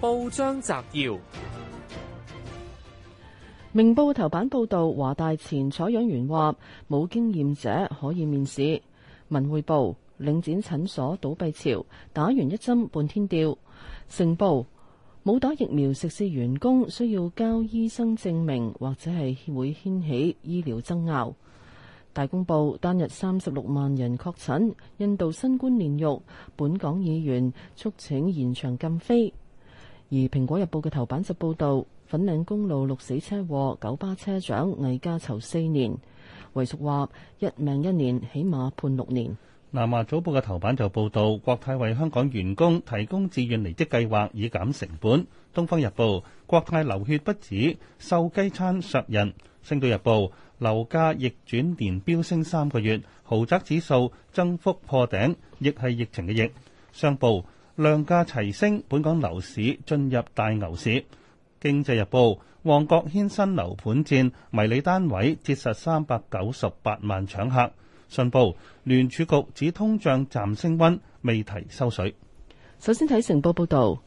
報章摘要：明報頭版報道，華大前採樣員話，冇經驗者可以面試。文匯報領展診所倒閉潮，打完一針半天吊。成報冇打疫苗食肆員工需要交醫生證明，或者係會掀起醫療爭拗。大公報單日三十六萬人確診，印度新冠煉獄，本港議員促請延長禁飛。而《蘋果日報》嘅頭版就報道粉嶺公路六死車禍，九巴車長魏家囚四年。遺屬話一命一年，起碼判六年。南華早報嘅頭版就報道國泰為香港員工提供自願離職計劃，以減成本。《東方日報》國泰流血不止，瘦雞餐殺人。《星島日報》樓價逆轉年飆升三個月，豪宅指數增幅破頂，亦係疫情嘅逆。商報。量價齊升，本港樓市進入大牛市。經濟日報，旺角軒新樓盤戰迷你單位，折實三百九十八萬搶客。信報，聯儲局指通脹暫升溫，未提收水。首先睇成報報導，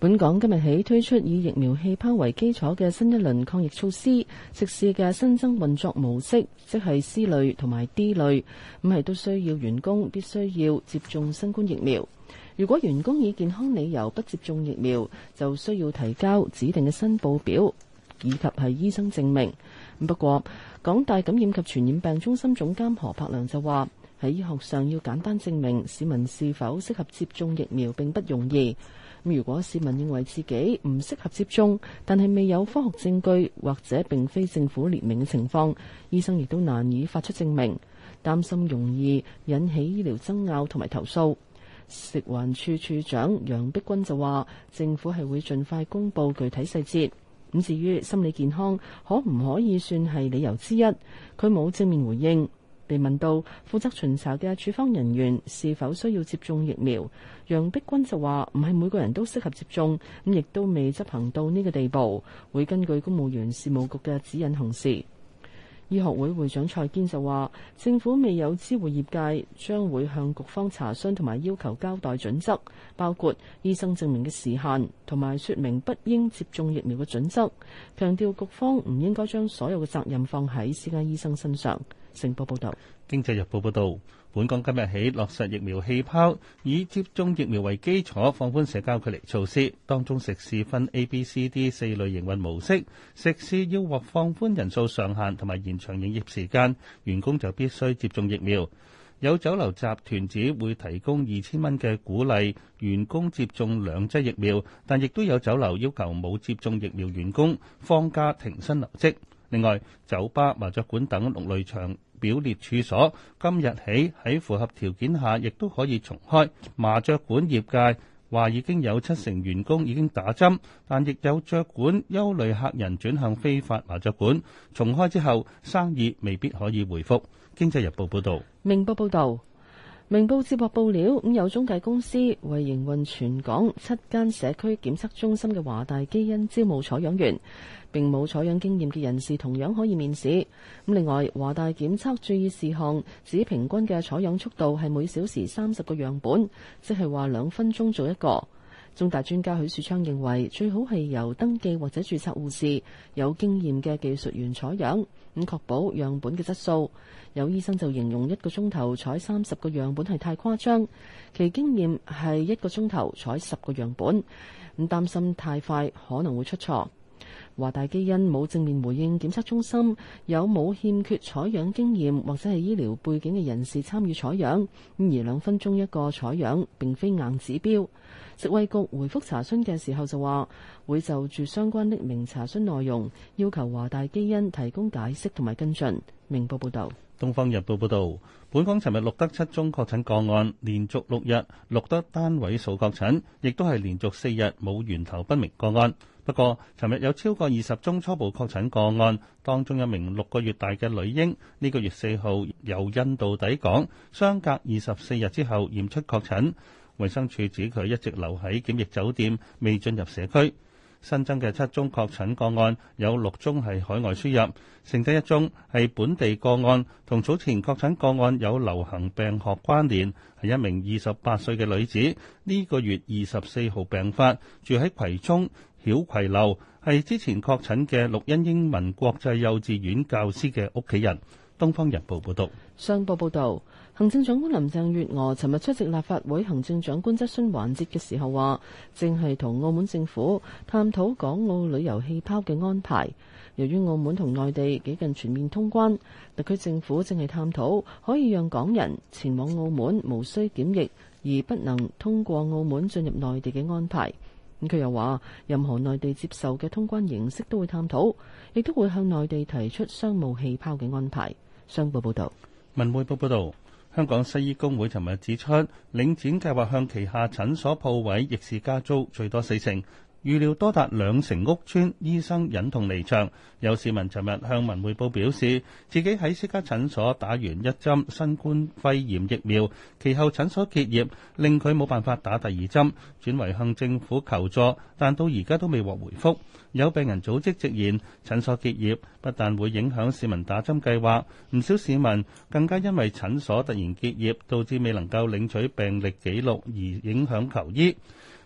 本港今日起推出以疫苗氣泡為基礎嘅新一輪抗疫措施。食肆嘅新增運作模式，即係 C 類同埋 D 類，咁係都需要員工必須要接種新冠疫苗。如果員工以健康理由不接種疫苗，就需要提交指定嘅申報表以及係醫生證明。不過，港大感染及傳染病中心總監何柏良就話：喺醫學上要簡單證明市民是否適合接種疫苗並不容易。如果市民認為自己唔適合接種，但係未有科學證據或者並非政府列明嘅情況，醫生亦都難以發出證明，擔心容易引起醫療爭拗同埋投訴。食環處處長楊碧君就話，政府係會盡快公布具體細節。咁至於心理健康可唔可以算係理由之一，佢冇正面回應。被問到負責巡查嘅處方人員是否需要接種疫苗，楊碧君就話唔係每個人都適合接種，咁亦都未執行到呢個地步，會根據公務員事務局嘅指引行事。醫學會會長蔡堅就話，政府未有支援業界，將會向局方查詢同埋要求交代準則，包括醫生證明嘅時限同埋說明不應接種疫苗嘅準則，強調局方唔應該將所有嘅責任放喺私家醫生身上。成報報導，《經濟日報》報導，本港今日起落實疫苗氣泡，以接種疫苗為基礎，放寬社交距離措施。當中食肆分 A、B、C、D 四類營運模式，食肆要獲放寬人數上限同埋延長營業時間，員工就必須接種疫苗。有酒樓集團只會提供二千蚊嘅鼓勵，員工接種兩劑疫苗，但亦都有酒樓要求冇接種疫苗員工放假停薪留職。另外，酒吧、麻雀館等六類場表列處所，今日起喺符合條件下，亦都可以重開。麻雀館業界話已經有七成員工已經打針，但亦有雀館憂慮客人轉向非法麻雀館，重開之後生意未必可以回復。經濟日報報道。明報報導。明報接獲報料，咁有中介公司為營運全港七間社區檢測中心嘅華大基因招募採樣員，並冇採樣經驗嘅人士同樣可以面試。咁另外，華大檢測注意事項指平均嘅採樣速度係每小時三十個樣本，即係話兩分鐘做一個。中大專家許樹昌認為，最好係由登記或者註冊護士有經驗嘅技術員採樣，咁確保樣本嘅質素。有醫生就形容一個鐘頭採三十個樣本係太誇張，其經驗係一個鐘頭採十個樣本，咁擔心太快可能會出錯。華大基因冇正面回應檢測中心有冇欠缺採樣經驗或者係醫療背景嘅人士參與採樣，而兩分鐘一個採樣，並非硬指標。食衛局回覆查詢嘅時候就話，會就住相關匿名查詢內容，要求華大基因提供解釋同埋跟進。明報報道。《東方日報》報道，本港尋日錄得七宗確診個案，連續六日錄得單位數確診，亦都係連續四日冇源頭不明個案。不過，尋日有超過二十宗初步確診個案，當中一名六個月大嘅女嬰呢個月四號由印度抵港，相隔二十四日之後驗出確診。衞生署指佢一直留喺檢疫酒店，未進入社區。新增嘅七宗確診個案，有六宗係海外輸入，剩低一宗係本地個案，同早前確診個案有流行病學關聯，係一名二十八歲嘅女子，呢個月二十四號病發，住喺葵涌曉葵樓，係之前確診嘅錄音英文國際幼稚園教師嘅屋企人。《東方日報》報道。上報報道，行政長官林鄭月娥尋日出席立法會行政長官質詢環節嘅時候話，正係同澳門政府探討港澳旅遊氣泡嘅安排。由於澳門同內地幾近全面通關，特區政府正係探討可以讓港人前往澳門無需檢疫，而不能通過澳門進入內地嘅安排。咁佢又話，任何內地接受嘅通關形式都會探討，亦都會向內地提出商務氣泡嘅安排。商報報道，文匯報報道，香港西醫工會尋日指出，領展計劃向旗下診所鋪位逆市加租，最多四成。預料多達兩成屋邨醫生忍痛離場。有市民尋日向文匯報表示，自己喺私家診所打完一針新冠肺炎疫苗，其後診所結業，令佢冇辦法打第二針，轉為向政府求助，但到而家都未獲回覆。有病人組織直言，診所結業不但會影響市民打針計劃，唔少市民更加因為診所突然結業，導致未能夠領取病歷記錄而影響求醫。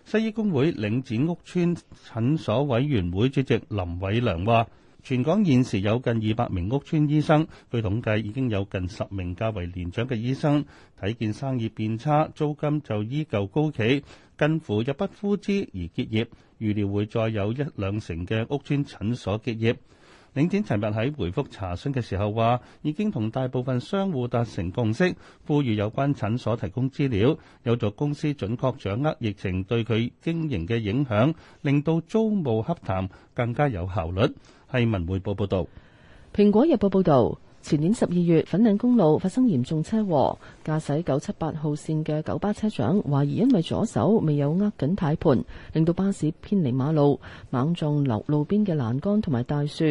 西醫工會領展屋村診所委員會主席林偉良話，全港現時有近二百名屋村醫生，據統計已經有近十名較為年長嘅醫生睇見生意變差，租金就依舊高企，近乎入不敷支而結業，預料會再有一兩成嘅屋村診所結業。領展尋日喺回復查詢嘅時候話，已經同大部分商戶達成共識，呼籲有關診所提供資料，有助公司準確掌握疫情對佢經營嘅影響，令到租務洽談更加有效率。係文匯報報道，蘋果日報報道。前年十二月，粉嶺公路發生嚴重車禍，駕駛九七八號線嘅九巴車長懷疑因為左手未有握緊軚盤，令到巴士偏離馬路，猛撞樓路邊嘅欄杆同埋大樹，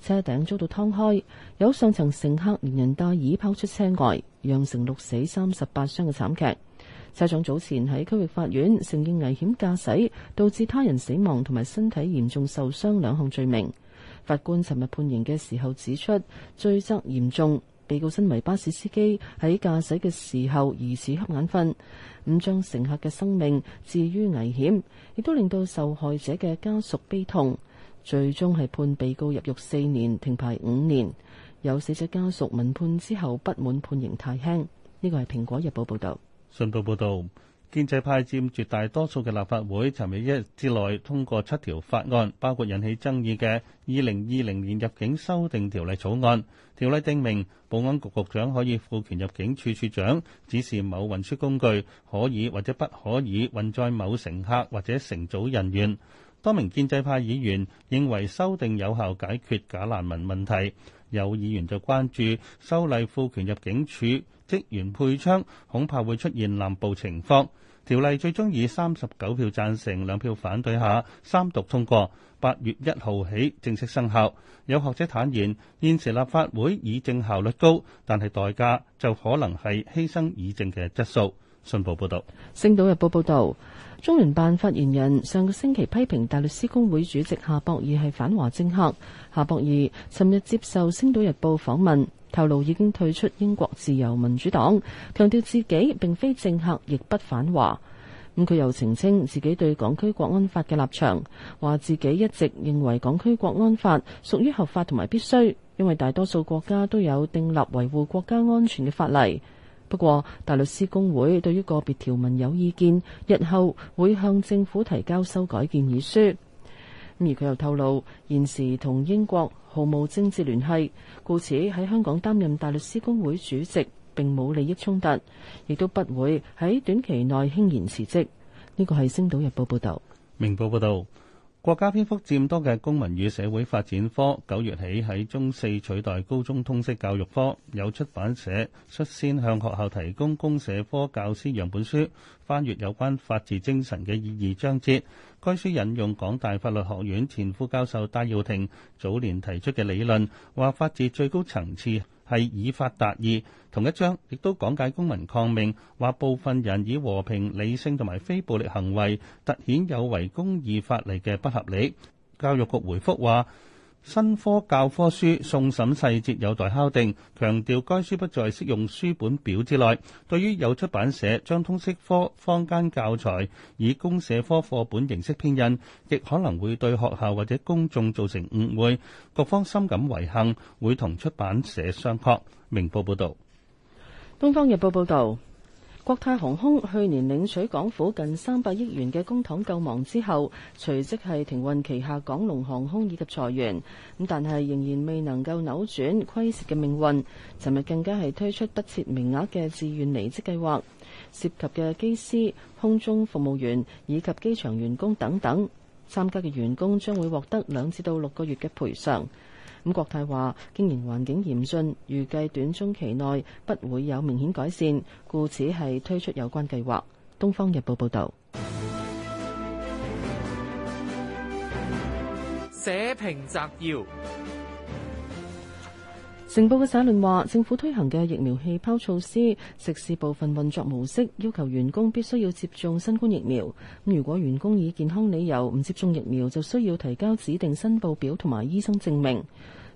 車頂遭到燙開，有上層乘客連人帶椅拋出車外，釀成六死三十八傷嘅慘劇，車長早前喺區域法院承認危險駕駛導致他人死亡同埋身體嚴重受傷兩項罪名。法官尋日判刑嘅時候指出，罪責嚴重。被告身為巴士司機喺駕駛嘅時候疑似瞌眼瞓，誤將乘客嘅生命置於危險，亦都令到受害者嘅家屬悲痛。最終係判被告入獄四年，停牌五年。有死者家屬聞判之後不滿判刑太輕，呢個係《蘋果日報》報道。信報報道。建制派佔絕大多數嘅立法會，尋日一日之內通過七條法案，包括引起爭議嘅二零二零年入境修訂條例草案。條例訂明，保安局局長可以賦權入境處處長指示某運輸工具可以或者不可以運載某乘客或者乘組人員。多名建制派議員認為修訂有效解決假難民問題。有議員就關注修例賦權入境處職員配槍，恐怕會出現濫暴情況。條例最終以三十九票贊成、兩票反對下三讀通過，八月一號起正式生效。有學者坦言，現時立法會議政效率高，但係代價就可能係犧牲議政嘅質素。新報報導，《星島日報》報導，中聯辦發言人上個星期批評大律師公會主席夏博義係反華政客。夏博義尋日接受《星島日報》訪問，透露已經退出英國自由民主黨，強調自己並非政客，亦不反華。咁、嗯、佢又澄清自己對港區國安法嘅立場，話自己一直認為港區國安法屬於合法同埋必須，因為大多數國家都有訂立維護國家安全嘅法例。不過大律師公會對於個別條文有意見，日後會向政府提交修改建議書。而佢又透露，現時同英國毫無政治聯繫，故此喺香港擔任大律師公會主席，並冇利益衝突，亦都不會喺短期內輕言辭職。呢個係《星島日報》報道，《明報》報道。國家篇幅佔多嘅公民與社會發展科，九月起喺中四取代高中通識教育科。有出版社率先向學校提供公社科教師樣本書，翻閱有關法治精神嘅意義章節。該書引用港大法律學院前副教授戴耀廷早年提出嘅理論，話法治最高層次，係以法達義，同一章，亦都講解公民抗命，話部分人以和平理性同埋非暴力行為，突顯有違公義法例嘅不合理。教育局回覆話。新科教科書送審細節有待敲定，強調該書不在適用書本表之內，對於有出版社將通識科坊間教材以公社科課本形式編印，亦可能會對學校或者公眾造成誤會，各方深感遺憾，會同出版社商榷。明報報道。東方日報報道。國泰航空去年領取港府近三百億元嘅公帑救亡之後，隨即係停運旗下港龍航空以及裁員咁，但係仍然未能夠扭轉虧蝕嘅命運。尋日更加係推出不設名額嘅自願離職計劃，涉及嘅機師、空中服務員以及機場員工等等參加嘅員工將會獲得兩至到六個月嘅賠償。咁國泰話經營環境嚴峻，預計短中期內不會有明顯改善，故此係推出有關計劃。東方日報報道。社評摘要。成報嘅社論話，政府推行嘅疫苗氣泡措施，食肆部分運作模式要求員工必須要接種新冠疫苗。咁如果員工以健康理由唔接種疫苗，就需要提交指定申報表同埋醫生證明。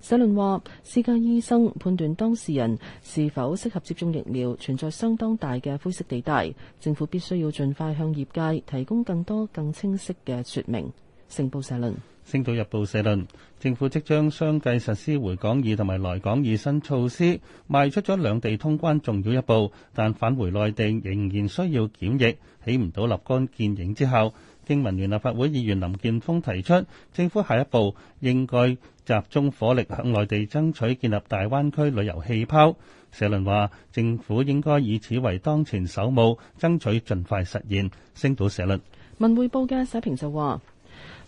社論話，私家醫生判斷當事人是否適合接種疫苗，存在相當大嘅灰色地帶。政府必須要盡快向業界提供更多更清晰嘅說明。成報社論。《星島日報》社論：政府即將相繼實施回港易同埋來港易新措施，邁出咗兩地通關重要一步，但返回內地仍然需要檢疫，起唔到立竿見影之效。經民聯立法會議員林健鋒提出，政府下一步應該集中火力向內地爭取建立大灣區旅遊氣泡。社論話：政府應該以此為當前首務，爭取盡快實現。《星島》社論，文匯報嘅社評就話。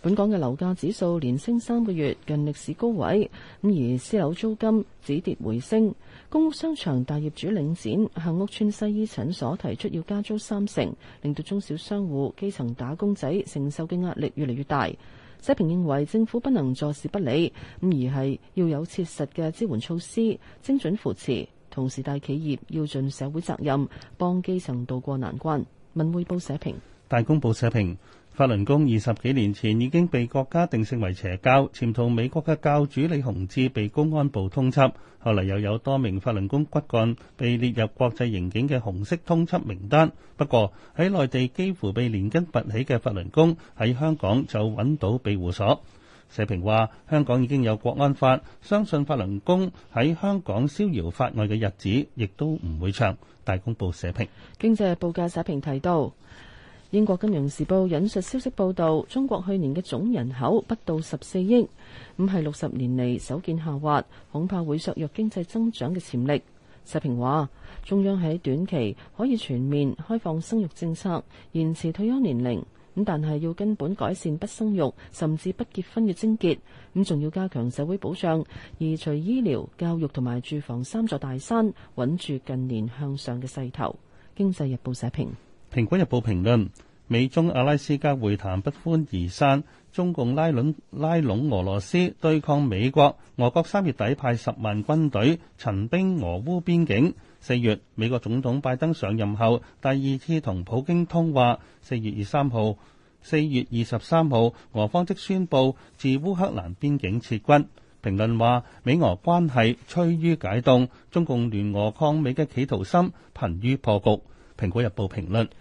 本港嘅樓價指數連升三個月，近歷史高位。咁而私樓租金止跌回升，公屋商場大業主領展向屋邨西醫診所提出要加租三成，令到中小商戶、基層打工仔承受嘅壓力越嚟越大。社評認為政府不能坐視不理，咁而係要有切實嘅支援措施、精準扶持，同時大企業要盡社會責任，幫基層渡過難關。文匯報社評，大公報社評。法輪功二十幾年前已經被國家定性為邪教，潛逃美國嘅教主李洪志被公安部通緝，後嚟又有多名法輪功骨幹被列入國際刑警嘅紅色通緝名單。不過喺內地幾乎被連根拔起嘅法輪功喺香港就揾到庇護所。社評話香港已經有國安法，相信法輪功喺香港逍遙法外嘅日子亦都唔會長。大公報社評。經濟報價社評提到。英國金融時報引述消息報道，中國去年嘅總人口不到十四億，咁係六十年嚟首見下滑，恐怕會削弱經濟增長嘅潛力。社評話，中央喺短期可以全面開放生育政策，延遲退休年齡，咁但係要根本改善不生育甚至不結婚嘅症結，咁仲要加強社會保障，移除醫療、教育同埋住房三座大山，穩住近年向上嘅勢頭。經濟日報社評。《蘋果日報》評論：美中阿拉斯加會談不歡而散，中共拉攏拉攏俄羅斯對抗美國，俄國三月底派十萬軍隊陳兵俄烏邊境。四月美國總統拜登上任後第二次同普京通話，四月二三號、四月二十三號俄方即宣布自烏克蘭邊境撤軍。評論話：美俄關係趨於解凍，中共聯俄抗美嘅企圖心瀕於破局。《蘋果日報》評論。